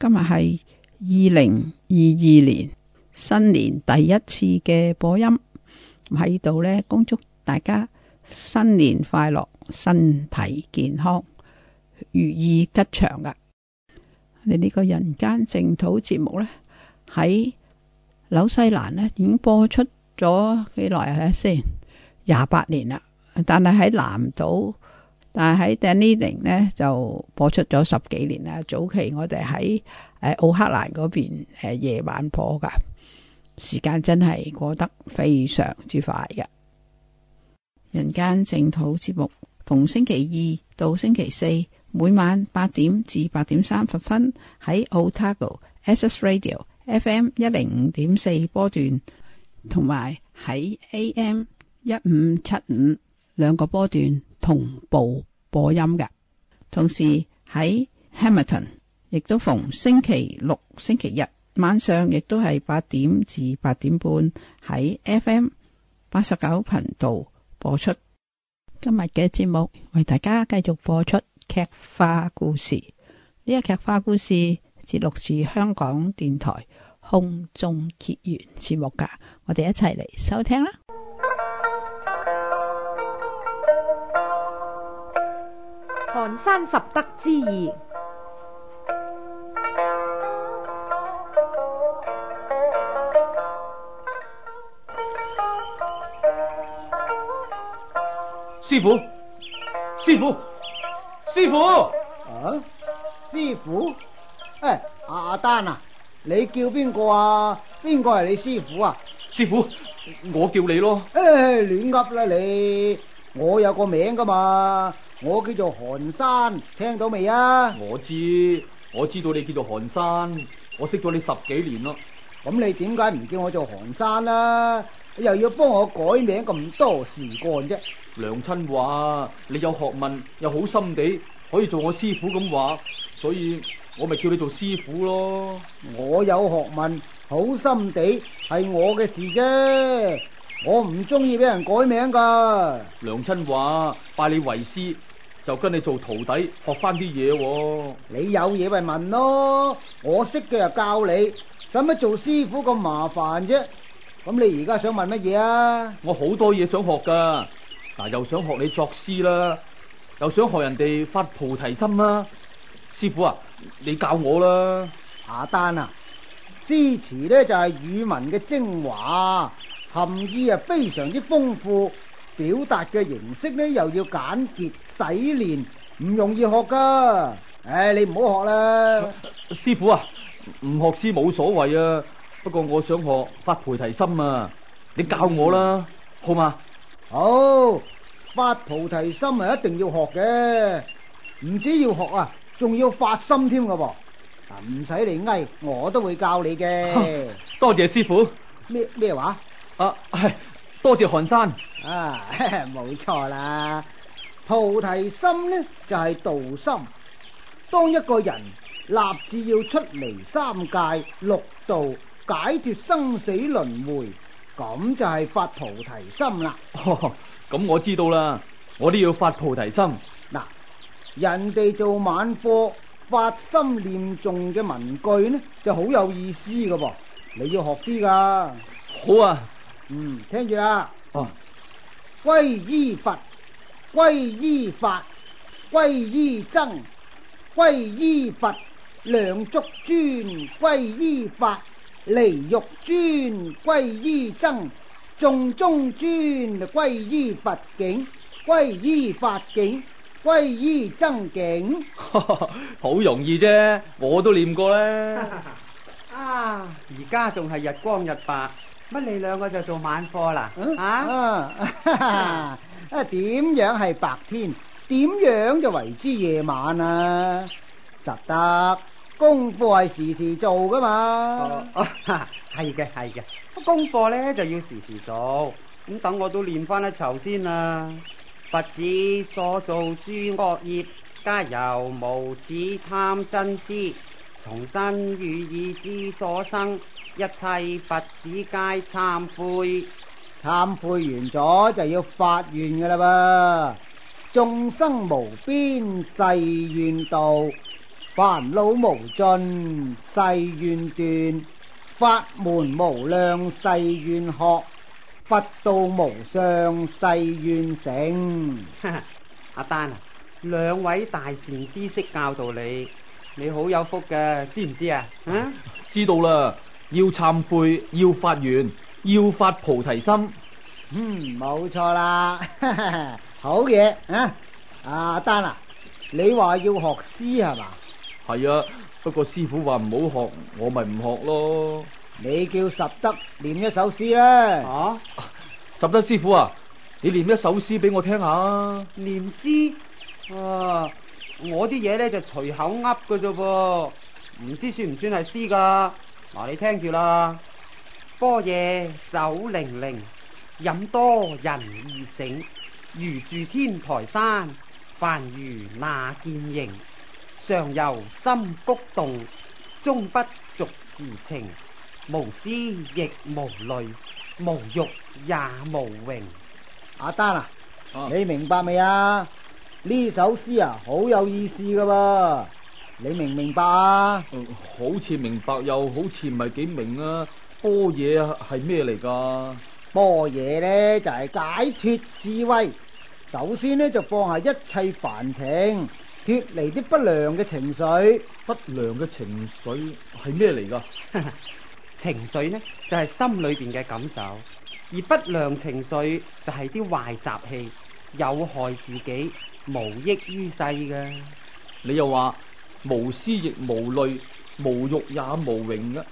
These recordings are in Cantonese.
今日係二零二二年新年第一次嘅播音，喺度呢，恭祝大家新年快樂，身體健康，如意吉祥嘅。你、這、呢個人間淨土節目呢，喺紐西蘭呢已經播出咗幾耐啊？先廿八年啦，但係喺南島。但喺 Dunedin 呢，就播出咗十幾年啦。早期我哋喺誒奧克蘭嗰邊誒、呃、夜晚播噶，時間真係過得非常之快嘅。人間淨土節目逢星期二到星期四每晚八點至八點三十分喺 Otago SS Radio FM 一零五點四波段，同埋喺 AM 一五七五兩個波段同步。播音嘅，同時喺 Hamilton 亦都逢星期六、星期日晚上，亦都係八點至八點半喺 FM 八十九頻道播出。今日嘅節目為大家繼續播出劇花故事。呢個劇花故事節錄自香港電台空中結緣節目噶，我哋一齊嚟收聽啦。五山十德之意。師傅，師傅，師傅，啊，師傅。誒、哎，阿丹啊，你叫邊個啊？邊個係你師傅啊？師傅，我叫你咯。誒、哎，亂噏啦你，我有個名噶嘛。我叫做韓山，聽到未啊？我知，我知道你叫做韓山，我識咗你十幾年咯。咁你點解唔叫我做韓山啦，啊？又要幫我改名咁多事幹啫？娘親話：你有學問，又好心地，可以做我師傅咁話，所以我咪叫你做師傅咯。我有學問、好心地係我嘅事啫，我唔中意俾人改名㗎。娘親話：拜你為師。就跟你做徒弟，學翻啲嘢。你有嘢，咪問咯，我識嘅又教你，使乜做師傅咁麻煩啫？咁你而家想問乜嘢啊？我好多嘢想學噶，嗱，又想學你作詩啦，又想學人哋發菩提心啦，師傅啊，你教我啦。阿丹啊，詩詞呢，就係語文嘅精華，含義啊非常之豐富。表達嘅形式呢，又要簡潔洗練，唔容易學噶。唉、哎，你唔好學啦、啊，師傅啊，唔學師冇所謂啊。不過我想學發菩提心啊，你教我啦，嗯、好嘛嗎？好、哦，發菩提心係一定要學嘅，唔止要學啊，仲要發心添噶噃。嗱，唔使你嗌，我都會教你嘅。多謝師傅。咩咩話？啊係。多謝寒山啊，冇錯啦。菩提心呢就係、是、道心，當一個人立志要出離三界六道，解脫生死輪回，咁就係發菩提心啦。咁、哦、我知道啦，我都要發菩提心。嗱、啊，人哋做晚課發心念誦嘅文句呢，就好有意思噶噃，你要學啲噶、啊。好啊。嗯，聽住啦。哦、啊，歸依佛，歸依法，歸依僧，歸依佛，兩足尊，歸依法，離欲尊，歸依僧，眾中尊就歸依佛境，歸依法境，歸依僧境。好 容易啫，我都念過啦。 啊，而家仲係日光日白。乜你兩個就做晚課啦？啊，啊，啊！點樣係白天？點樣就為之夜晚啊？實得、哦啊，功課係時時做噶嘛？哦，係嘅，係嘅，功課咧就要時時做。咁等我都練翻一籌先啦。佛子所造諸惡業，皆由無始貪嗔癡，從身語意之所生。一切佛子皆懺悔，懺悔完咗就要發願噶啦噃。眾生無邊誓願度，煩惱無盡誓願斷，法門無量誓願學，佛道無上誓願成。阿、 啊、丹啊，兩位大善知識教導你，你好有福噶，知唔知啊？啊、嗯，知道啦。要懺悔，要發願，要發菩提心。嗯，冇錯啦， 好嘢啊！阿丹啊，你話要學詩係嘛？係啊，不過師傅話唔好學，我咪唔學咯。你叫十德念一首詩啦。啊！十德師傅啊，你念一首詩俾我聽下。念詩？啊，我啲嘢咧就隨口噏嘅啫噃，唔知算唔算係詩噶？你聽住啦，般若酒零零，飲多人易醒。如住天台山，凡如那見形。常由心谷動，終不逐時情。無思亦無慮，無欲也無榮。阿丹啊，啊你明白未啊？呢首詩啊，好有意思噶噃。你明唔明白啊、嗯？好似明白，又好似唔係幾明啊！般若係咩嚟噶？般若咧就係、是、解脫智慧。首先呢，就放下一切凡情，脫離啲不良嘅情緒。不良嘅情緒係咩嚟噶？ 情緒呢就係、是、心裏邊嘅感受，而不良情緒就係啲壞習氣，有害自己，無益於世噶。你又話？無思亦無慮，無欲也無榮噶，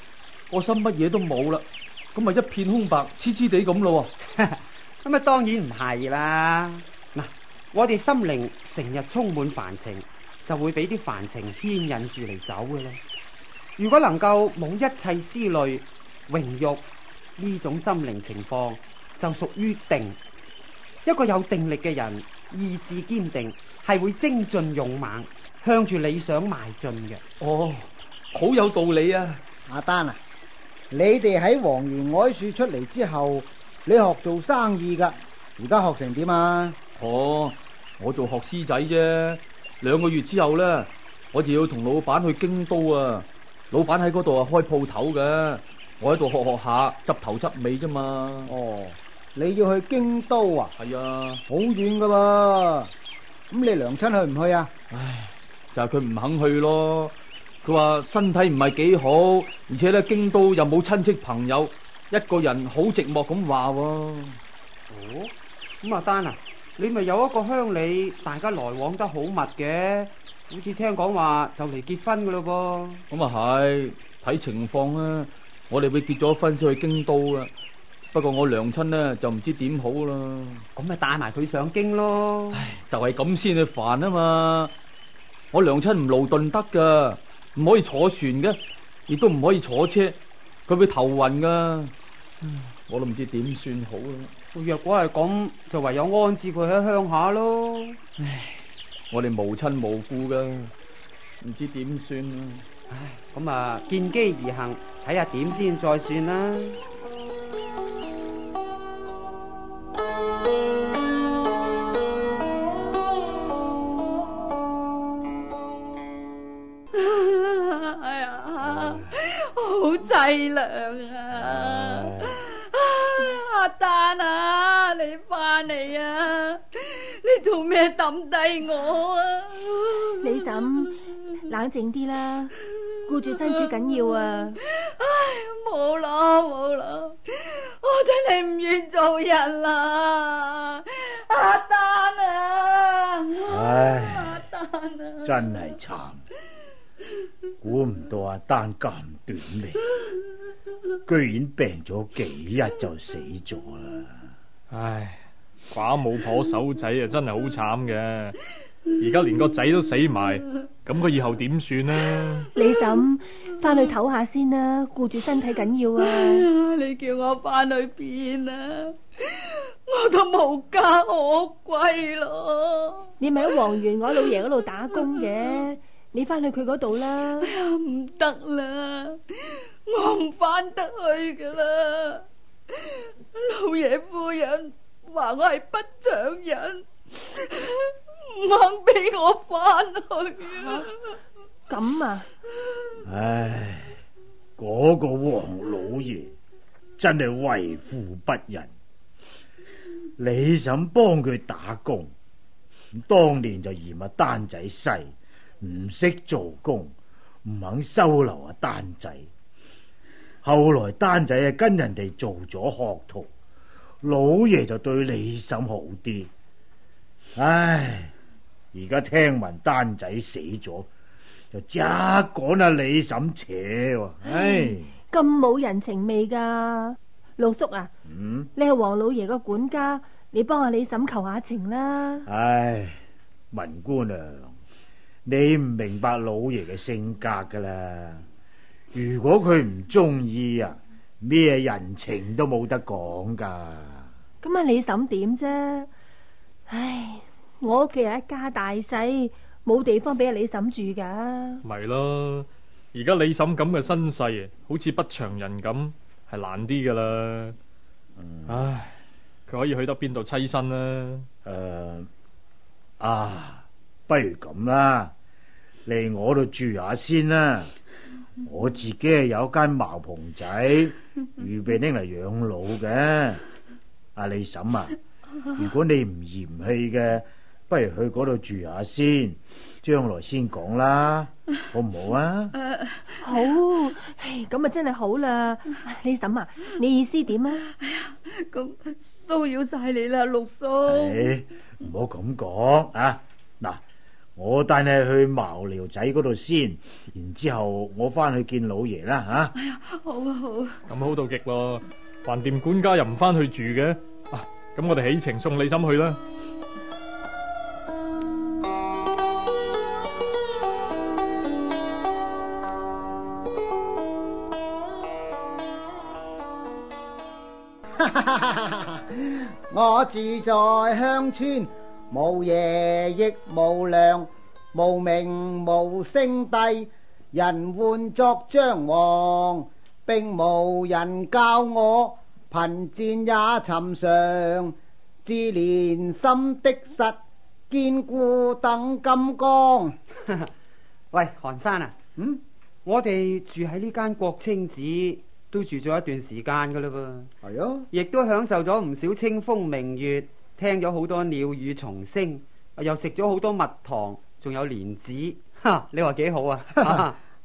我心乜嘢都冇啦，咁咪一片空白，痴痴地咁咯。咁啊，當然唔係啦。嗱， 我哋心靈成日充滿煩情，就會俾啲煩情牽引住嚟走嘅啦。如果能夠冇一切思慮、榮辱呢種心靈情況，就屬於定。一個有定力嘅人，意志堅定，係會精進勇猛。向住理想邁進嘅，哦，好有道理啊！阿丹啊，你哋喺黃元海樹出嚟之後，你學做生意噶，而家學成點啊？哦，我做學師仔啫。兩個月之後咧，我就要同老闆去京都啊。老闆喺嗰度啊開鋪頭嘅，我喺度學學下，執頭執尾啫嘛。哦，你要去京都啊？係啊，好遠噶噃。咁你娘親去唔去啊？唉。就係佢唔肯去咯，佢話身體唔係幾好，而且咧京都又冇親戚朋友，一個人好寂寞咁話喎。哦，咁阿丹啊，你咪有一個鄉里，大家來往得好密嘅，好似聽講話就嚟結婚噶咯噃。咁啊係，睇情況啊，我哋會結咗婚先去京都啊。不過我娘親呢就唔知點好啦。咁咪帶埋佢上京咯。唉，就係咁先去煩啊嘛。我娘親唔勞頓得噶，唔可以坐船嘅，亦都唔可以坐車，佢會頭暈噶。我都唔知點算好啊！若果係咁，就唯有安置佢喺鄉下咯。唉，我哋無親無故噶，唔知點算啊！唉，咁啊，見機而行，睇下點先再算啦。淒涼啊！阿丹啊，你翻嚟啊！你做咩抌低我啊？李嬸，冷靜啲啦，顧住身子緊要啊！唉，冇啦冇啦，我真係唔願做人啦！阿丹啊！唉，阿丹啊！真係慘，估唔到阿丹咁短命。居然病咗幾日就死咗啦！唉，寡母婆手仔啊，真係好慘嘅。而家連個仔都死埋，咁佢以後點算呢？李嬸，翻去唞下先啦，顧住身體緊要啊！你叫我翻去邊啊？我都無家可歸咯。你咪喺黃元我老爺嗰度打工嘅，你翻去佢嗰度啦。哎呀，唔得啦！我唔翻得去噶啦，老爺夫人話我係不祥人，唔肯俾我翻去啊！咁啊，唉，嗰、那個黃老爺真係為富不仁。你想幫佢打工，當年就嫌阿丹仔細，唔識做工，唔肯收留阿丹仔。後來丹仔啊跟人哋做咗學徒，老爺就對李嬸好啲。唉，而家聽聞丹仔死咗，就即趕阿李嬸扯。唉，咁冇人情味噶，盧叔啊，嗯、你係黃老爺個管家，你幫阿李嬸求下情啦。唉，文姑娘，你唔明白老爺嘅性格噶啦。如果佢唔中意啊，咩人情都冇得講噶。咁阿李嬸點啫？唉，我屋企係一家大細，冇地方俾阿李嬸住噶。咪咯，而家李嬸咁嘅身世，好似不祥人咁，係難啲噶啦。嗯、唉，佢可以去到邊度棲身呢？誒、呃，啊，不如咁啦，嚟我度住下先啦。我自己係有一間茅棚仔，預備拎嚟養老嘅。阿李嬸啊，如果你唔嫌棄嘅，不如去嗰度住下先，將來先講啦，好唔好啊？好，咁啊真係好啦。李嬸、uh, 啊，你意思點啊？哎呀，咁騷擾晒你啦，六叔。唔好咁講啊！我帶你去茅寮仔嗰度先，然之後我翻去見老爺啦吓。哎呀，好好。咁好到極咯，飯店管家又唔翻去住嘅。啊，咁我哋起程送李嬸去啦。我住在鄉村。無爺亦無量，無名無姓帝，人喚作張王，並無人教我貧賤也尋常，自憐心的實堅固等金剛。 喂，寒山啊，嗯，我哋住喺呢間國清寺都住咗一段時間噶啦噃，係啊呀，亦都享受咗唔少清風明月。聽咗好多鳥語蟲聲，又食咗好多蜜糖，仲有蓮子，你話幾好啊？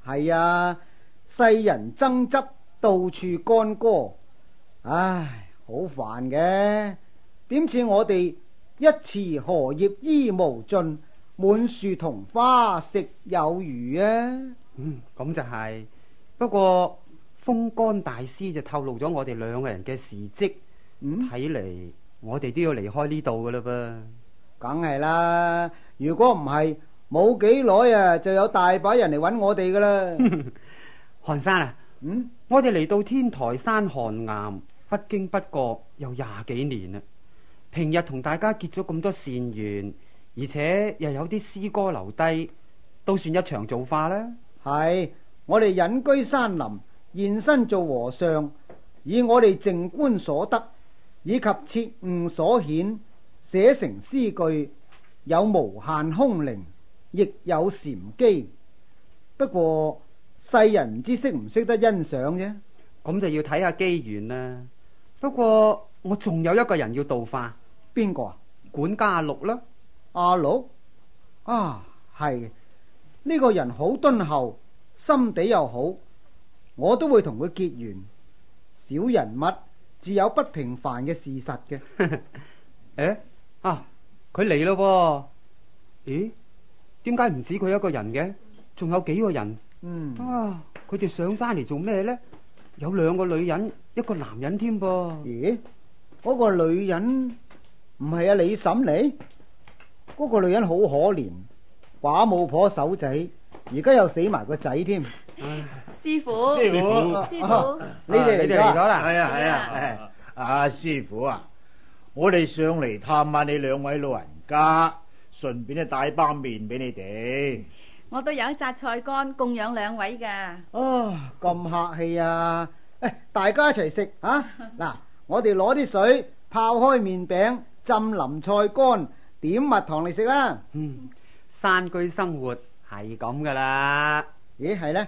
係啊， 啊，世人爭執，到處干戈，唉，好煩嘅。點似我哋一池荷葉衣無盡，滿樹同花食有餘啊！嗯，咁就係、是。不過風干大師就透露咗我哋兩個人嘅事蹟，睇嚟、嗯。我哋都要離開呢度噶啦噃，梗係啦！如果唔係，冇幾耐啊，就有大把人嚟揾我哋噶啦。寒山 啊，嗯、我哋嚟到天台山寒岩不經不覺又廿幾年啦。平日同大家結咗咁多善緣，而且又有啲詩歌留低，都算一場造化啦。係我哋隱居山林，現身做和尚，以我哋靜觀所得。以及切悟所顯寫成詩句，有無限空靈，亦有禪機。不過世人唔知識唔識得欣賞啫，咁就要睇下機緣啦。不過我仲有一個人要度化，邊個啊？管家阿六啦，阿六啊，係呢、這個人好敦厚，心底又好，我都會同佢結緣。小人物。自有不平凡嘅事實嘅。誒、 哎、啊，佢嚟咯！噃，咦，點解唔止佢一個人嘅？仲有幾個人？嗯啊，佢哋上山嚟做咩咧？有兩個女人，一個男人添、啊、噃。咦，嗰、那個女人唔係阿李嬸嚟？嗰、那個女人好可憐，寡母婆手仔，而家又死埋個仔添。唉師傅、啊嗯啊，師傅，師傅，你哋你哋嚟咗啦！係啊係啊，阿師傅啊，我哋上嚟探下你兩位老人家，順便就帶包麵俾你哋。我都有一扎菜乾供養兩位噶。哦，咁客氣啊！誒，大家一齊食啊！嗱，我哋攞啲水泡開麵餅，浸腍菜乾，點蜜糖嚟食啦！嗯，山居生活係咁噶啦。咦，係咧？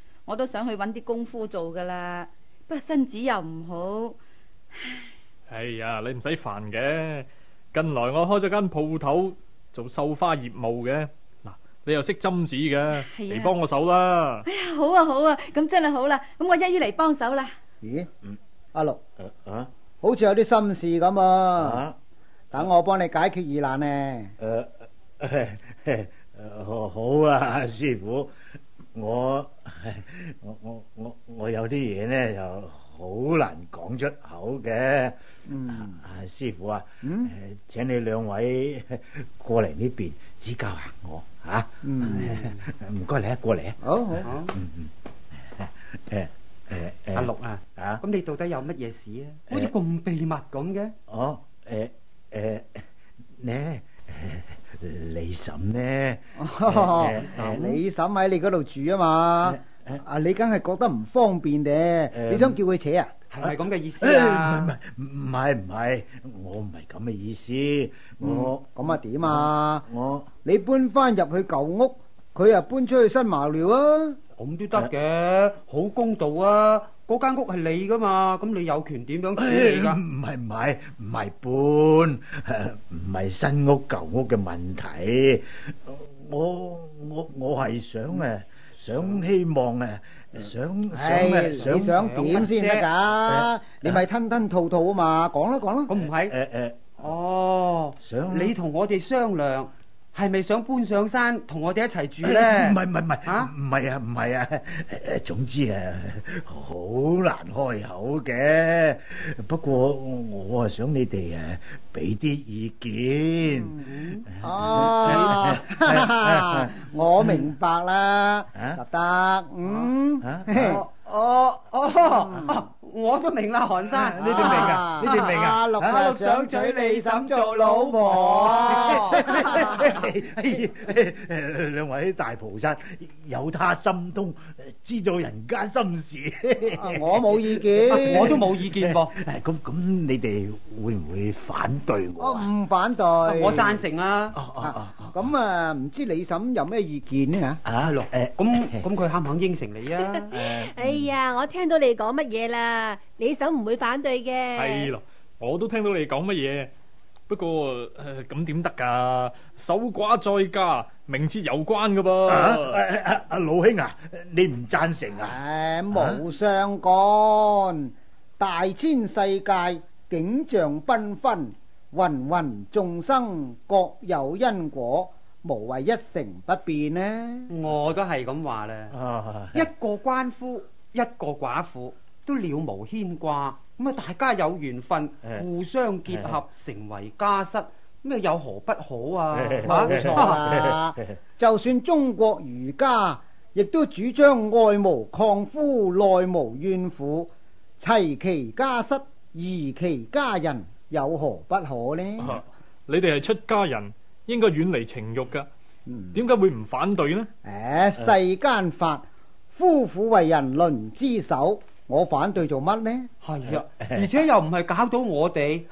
我都想去揾啲功夫做噶啦，不過身子又唔好。哎呀，你唔使煩嘅。近來我開咗間鋪頭做繡花業務嘅，嗱，你又識針子嘅，嚟幫我手啦。哎呀，好啊，好啊，咁真係好啦，咁我一於嚟幫手啦。咦，阿六，啊，好似有啲心事咁啊，等我幫你解決疑難呢。誒，好啊，師傅，我。我我我我有啲嘢咧，就好難講出口嘅。嗯，師傅啊，嗯，請你兩位過嚟呢邊指教下我吓。嗯，唔該你啊，過嚟啊。好好好。嗯嗯。誒誒誒，阿六啊，啊，咁你到底有乜嘢事啊？好似咁秘密咁嘅。哦，誒誒，你，你嬸呢？你嬸喺你嗰度住啊嘛？誒啊！你梗係覺得唔方便嘅，你想叫佢扯啊？係咪咁嘅意思啊？唔係唔係唔係唔係，我唔係咁嘅意思。我咁啊點啊？我你搬翻入去舊屋，佢啊搬出去新茅寮啊？咁都得嘅，好公道啊！嗰間屋係你噶嘛？咁你有權點樣處理噶？唔係唔係唔係搬，唔係新屋舊屋嘅問題。我我我係想誒。想希望啊，想想、哎、想點先得噶，想你咪、哎、吞吞吐吐啊嘛，講啦講啦。咁唔係誒誒，哎哎哎、哦，想你同我哋商量。係咪想搬上山同我哋一齊住咧？唔係唔係唔係，唔係啊唔係啊，啊，總之啊好難開口嘅。不過我啊想你哋誒俾啲意見。我明白啦，得、啊、嗯，我我。我都明啦，韓生，你哋明㗎，你哋明㗎，阿六，阿六想娶李嬸做老婆，兩位大菩薩有他心通，知道人家心事。我冇意見，我都冇意見噃。咁咁，你哋會唔會反對我？我唔反對，我贊成啊。咁啊，唔知李嬸有咩意見呢？啊，阿六，誒，咁咁，佢肯唔肯應承你啊？哎呀，我聽到你講乜嘢啦？你手唔會反對嘅，係咯？我都聽到你講乜嘢，不過咁點得噶？守寡再加名妾有關噶噃。阿阿老兄啊，你唔贊成啊？誒，無相干。大千世界景象繽紛，芸芸眾生各有因果，無謂一成不變呢。我都係咁話啦。一個鰥夫，一個寡婦。都了無牽掛，咁啊大家有緣分，的互相結合的成為家室，咩有何不可啊？冇錯，就算中國儒家亦都主張外無曠夫，內無怨婦，齊其家室，宜其家人，有何不可呢？啊、你哋係出家人，應該遠離情欲噶，點解會唔反對呢？誒、嗯啊，世間法，夫婦為人倫之首。我反對做乜呢？係啊，而且又唔係搞到我哋，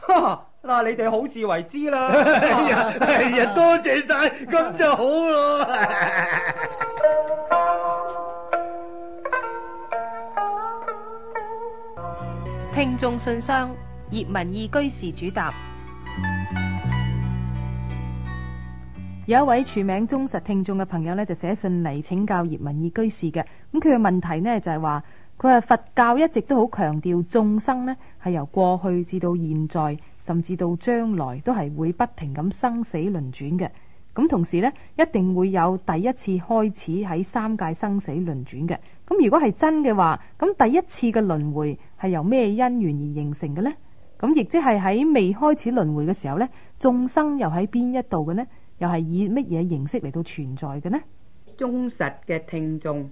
嗱，你哋好自為之啦。係啊、 哎，多謝晒，咁 就好咯。 聽眾信箱，葉文義居士主答。有一位署名忠實聽眾嘅朋友呢，就寫信嚟請教葉文義居士嘅。咁佢嘅問題呢，就係、是、話。佢話佛教一直都好強調眾生呢係由過去至到現在，甚至到將來都係會不停咁生死輪轉嘅。咁同時呢，一定會有第一次開始喺三界生死輪轉嘅。咁如果係真嘅話，咁第一次嘅輪迴係由咩因緣而形成嘅呢？咁亦即係喺未開始輪迴嘅時候呢，「眾生」又喺邊一度嘅呢？又係以乜嘢形式嚟到存在嘅呢？忠實嘅聽眾。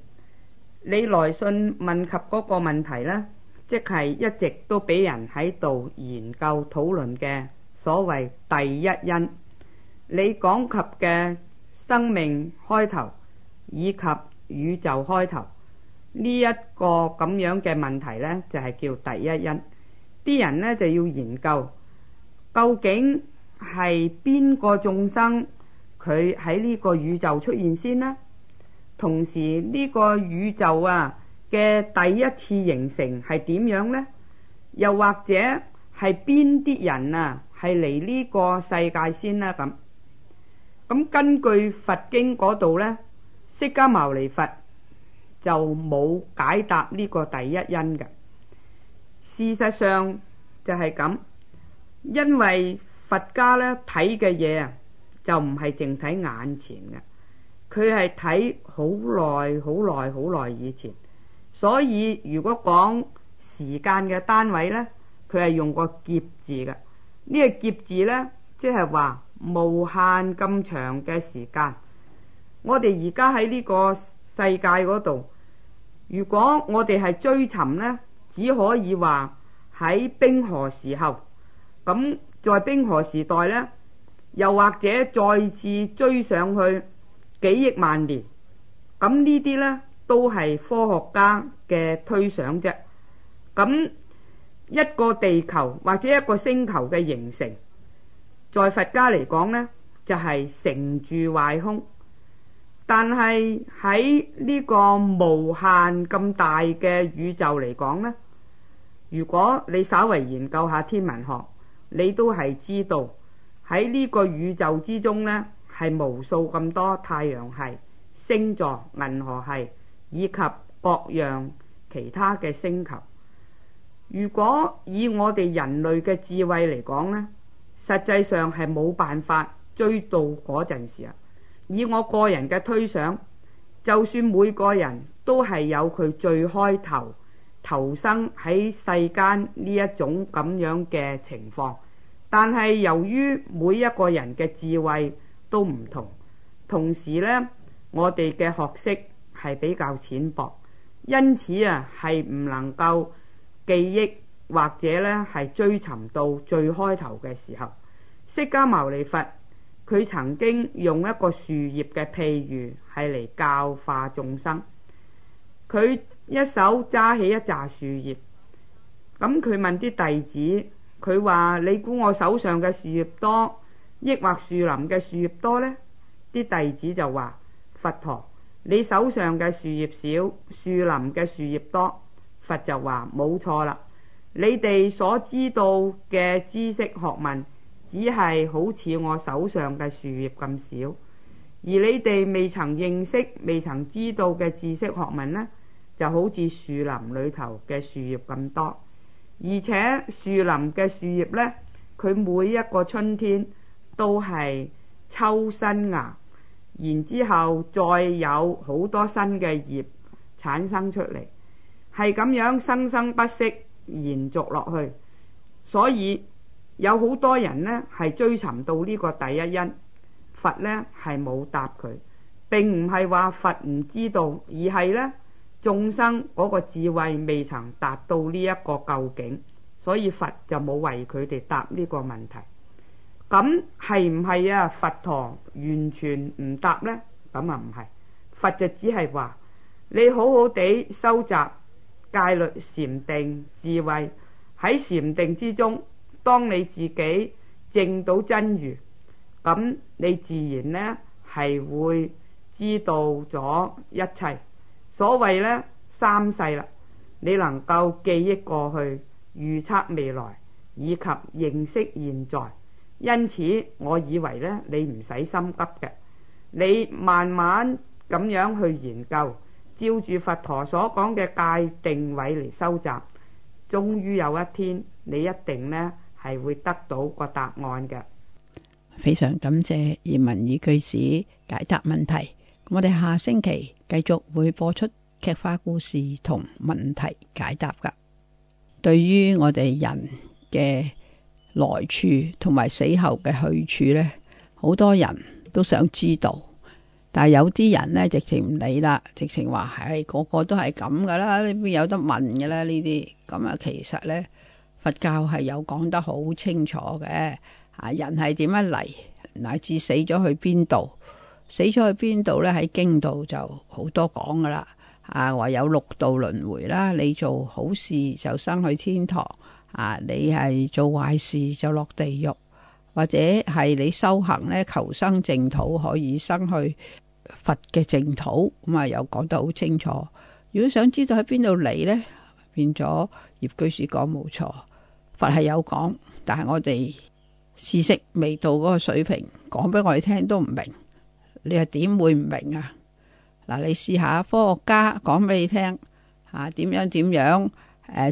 你來信問及嗰個問題呢，即係一直都俾人喺度研究討論嘅所謂第一因。你講及嘅生命開頭以及宇宙開頭呢一個咁樣嘅問題呢，就係叫第一因。啲人呢，就要研究究竟係邊個眾生佢喺呢個宇宙出現先呢？同時，呢個宇宙啊嘅第一次形成係點樣呢？又或者係邊啲人啊係嚟呢個世界先啦，啊？咁咁、嗯、根據佛經嗰度呢，釋迦牟尼佛就冇解答呢個第一因嘅。事實上就係咁，因為佛家呢睇嘅嘢啊，就唔係淨睇眼前嘅。佢係睇好耐、好耐、好耐以前，所以如果講時間嘅單位呢，佢係用個劫字嘅呢，呢個劫字呢，即係話無限咁長嘅時間。我哋而家喺呢個世界嗰度，如果我哋係追尋呢，只可以話喺冰河時候咁，在冰河時代呢，又或者再次追上去。幾億萬年，咁呢啲呢都係科學家嘅推想啫。咁一個地球或者一個星球嘅形成，在佛家嚟講呢，就係成住壞空。但係喺呢個無限咁大嘅宇宙嚟講呢，如果你稍為研究下天文學，你都係知道喺呢個宇宙之中呢。係無數咁多太陽系、星座、銀河系，以及各樣其他嘅星球。如果以我哋人類嘅智慧嚟講呢，實際上係冇辦法追到嗰陣時啊。以我個人嘅推想，就算每個人都係有佢最開頭投生喺世間呢一種咁樣嘅情況，但係由於每一個人嘅智慧，都唔同，同時呢，我哋嘅學識係比較淺薄，因此啊，係唔能夠記憶或者呢係追尋到最開頭嘅時候。釋迦牟尼佛佢曾經用一個樹葉嘅譬喻係嚟教化眾生，佢一手揸起一紮樹葉，咁佢問啲弟子，佢話你估我手上嘅樹葉多，抑或樹林嘅樹葉多呢？啲弟子就話：佛陀，你手上嘅樹葉少，樹林嘅樹葉多。佛就話：冇錯啦，你哋所知道嘅知識學問，只係好似我手上嘅樹葉咁少；而你哋未曾認識、未曾知道嘅知識學問呢，就好似樹林裏頭嘅樹葉咁多。而且樹林嘅樹葉呢，佢每一個春天……都係抽新芽，然之後再有好多新嘅葉產生出嚟，係咁樣生生不息，延續落去。所以有好多人呢係追尋到呢個第一因，佛呢係冇答佢。並唔係話佛唔知道，而係呢，眾生嗰個智慧未曾達到呢一個究竟，所以佛就冇為佢哋答呢個問題。咁係唔係啊？佛陀完全唔答呢？咁啊唔係佛就只係話你好好地修習戒律、禪定、智慧喺禪定之中。當你自己證到真如，咁你自然呢係會知道咗一切。所謂呢三世啦，你能夠記憶過去、預測未來以及認識現在。因此，我以為咧，你唔使心急嘅，你慢慢咁樣去研究，照住佛陀所講嘅界定位嚟收集，終於有一天，你一定咧係會得到個答案嘅。非常感謝葉文意居士解答問題。我哋下星期繼續會播出劇化故事同問題解答嘅。對於我哋人嘅.來處同埋死後嘅去處呢，好多人都想知道，但係有啲人呢，直情唔理啦，直情話係個個都係咁噶啦，你邊有得問嘅咧呢啲？咁啊，其實呢，佛教係有講得好清楚嘅，啊人係點樣嚟，乃至死咗去邊度，死咗去邊度呢？喺經度就好多講噶啦，啊話有六道輪回啦，你做好事就生去天堂。啊！你係做壞事就落地獄，或者係你修行呢，求生淨土可以生去佛嘅淨土咁啊，又講得好清楚。如果想知道喺邊度嚟呢？變咗葉居士講冇錯，佛係有講，但係我哋知識未到嗰個水平，講俾我哋聽都唔明。你係點會唔明啊？嗱，你試下科學家講俾你聽吓，點樣點樣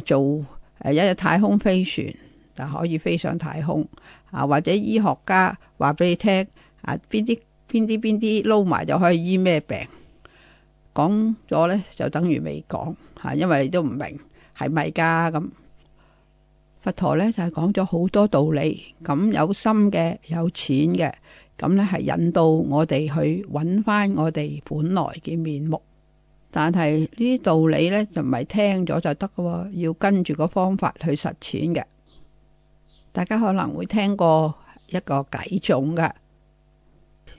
誒做？有一隻太空飛船，就可以飛上太空啊！或者醫學家話俾你聽啊，邊啲邊啲邊啲撈埋就可以醫咩病？講咗呢，就等於未講吓，啊，因為你都唔明係咪噶咁。佛陀呢，就係、是、講咗好多道理，咁有心嘅有錢嘅咁呢係引導我哋去搵翻我哋本來嘅面目。但係呢啲道理呢，就唔係聽咗就得噶，要跟住個方法去實踐嘅。大家可能會聽過一個偈頌嘅：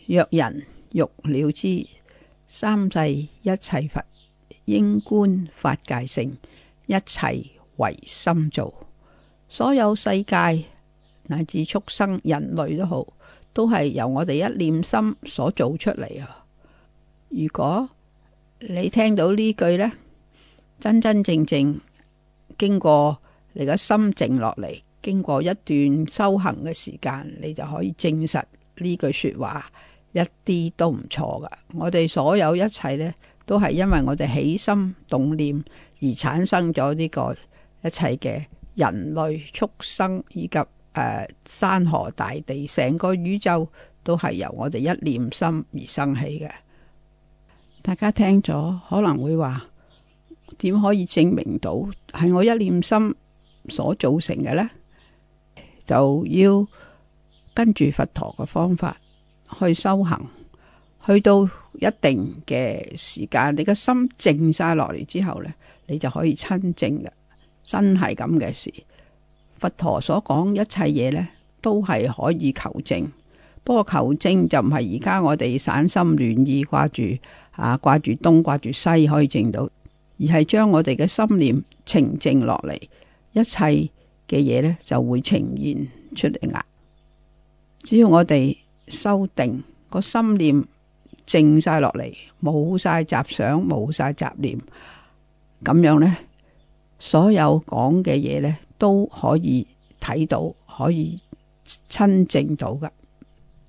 若人欲了知，三世一切佛，應觀法界性，一切唯心造。所有世界乃至畜生、人類都好，都係由我哋一念心所做出嚟啊。如果你聽到呢句呢，真真正正經過你嘅心靜落嚟，經過一段修行嘅時間，你就可以證實呢句說話一啲都唔錯㗎。我哋所有一切呢，都係因為我哋起心動念而產生咗呢個一切嘅人類、畜生以及誒、呃、山河大地，成個宇宙都係由我哋一念心而生起嘅。大家聽咗可能會話，點可以證明到係我一念心所造成嘅呢？就要跟住佛陀嘅方法去修行，去到一定嘅時間，你個心靜晒落嚟之後呢，你就可以親證啦，真係咁嘅事。佛陀所講一切嘢呢都係可以求證。不過求證就唔係而家我哋散心亂意掛住。啊，掛住東，掛住西可以靜到，而係將我哋嘅心念澄靜落嚟，一切嘅嘢咧就會呈現出嚟。只要我哋修定個心念靜，靜晒落嚟，冇晒雜想，冇晒雜念，咁樣呢，所有講嘅嘢咧都可以睇到，可以親證到嘅。